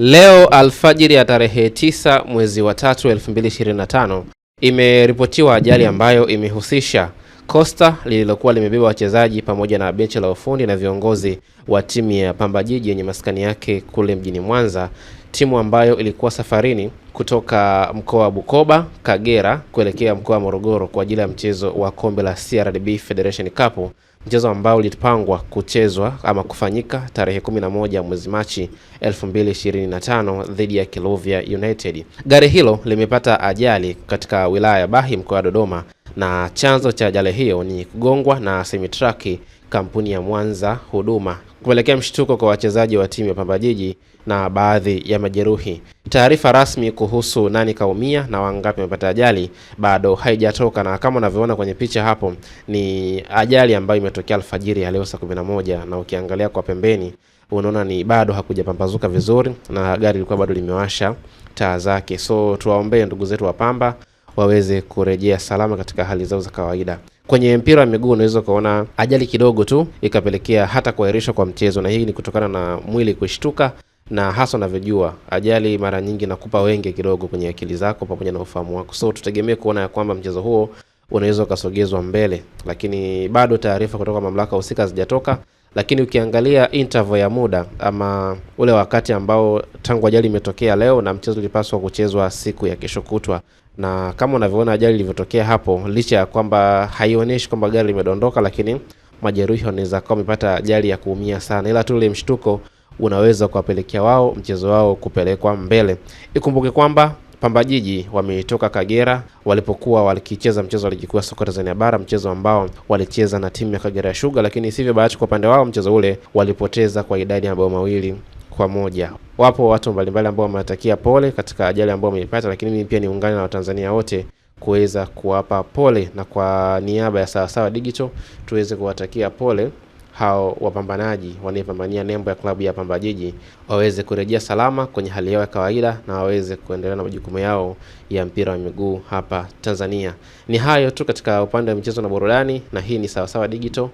Leo alfajiri ya tarehe 9 mwezi wa 3 2025 imeripotiwa ajali ambayo imehusisha kosta lililokuwa limebeba wachezaji pamoja na benchi la ufundi na viongozi wa timu ya Pamba Jiji yenye maskani yake kule mjini Mwanza timu ambayo ilikuwa safarini kutoka mkoa wa Bukoba, Kagera kuelekea mkoa wa Morogoro kwa ajili ya mchezo wa kombe la CRDB Federation Cup, mchezo ambao ulipangwa kuchezwa ama kufanyika tarehe 11 mwezi Machi 2025 dhidi ya Kilovya United. Gari hilo limepata ajali katika wilaya ya Bahi mkoa wa Dodoma, na chanzo cha ajali hiyo ni kugongwa na semitraki kampuni ya Mwanza Huduma kupelekea mshtuko kwa wachezaji wa timu ya Pamba Jiji na baadhi ya majeruhi. Taarifa rasmi kuhusu nani kaumia na wangapi wamepata ajali bado haijatoka, na kama unavyoona kwenye picha hapo, ni ajali ambayo imetokea alfajiri ya leo saa 11, na ukiangalia kwa pembeni unaona ni bado hakujapambazuka vizuri na gari lilikuwa bado limewasha taa zake. So tuwaombee ndugu zetu wa Pamba waweze kurejea salama katika hali zao za kawaida. Kwenye mpira wa miguu unaweza ukaona ajali kidogo tu ikapelekea hata kuahirishwa kwa mchezo, na hii ni kutokana na mwili kushtuka, na hasa unavyojua ajali mara nyingi nakupa wengi kidogo kwenye akili zako pamoja na ufahamu wako, so tutegemee kuona ya kwamba mchezo huo unaweza ukasogezwa mbele, lakini bado taarifa kutoka mamlaka husika hazijatoka lakini ukiangalia interval ya muda ama ule wakati ambao tangu ajali imetokea leo na mchezo ulipaswa kuchezwa siku ya kesho kutwa, na kama unavyoona ajali ilivyotokea hapo, licha ya kwamba haionyeshi kwamba gari limedondoka, lakini majeruhi wanaweza kuwa wamepata ajali ya kuumia sana, ila tu ule mshtuko unaweza kuwapelekea wao mchezo wao kupelekwa mbele. Ikumbuke kwamba Pamba Jiji wametoka Kagera walipokuwa wakicheza mchezo wa ligi kuu ya soka Tanzania bara, mchezo ambao walicheza na timu ya Kagera Sugar, lakini sivyo bahati kwa upande wao mchezo ule walipoteza kwa idadi ya mabao mawili kwa moja. Wapo watu mbalimbali ambao wamewatakia pole katika ajali ambao wameipata, lakini mimi pia niungane na Watanzania wote kuweza kuwapa pole na kwa niaba ya Sawasawa Digital tuweze kuwatakia pole hao wapambanaji wanaepambania nembo ya klabu ya Pamba Jiji waweze kurejea salama kwenye hali yao ya kawaida na waweze kuendelea na majukumu yao ya mpira wa miguu hapa Tanzania. Ni hayo tu katika upande wa michezo na burudani, na hii ni Sawasawa Digital,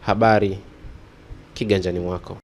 habari kiganjani mwako.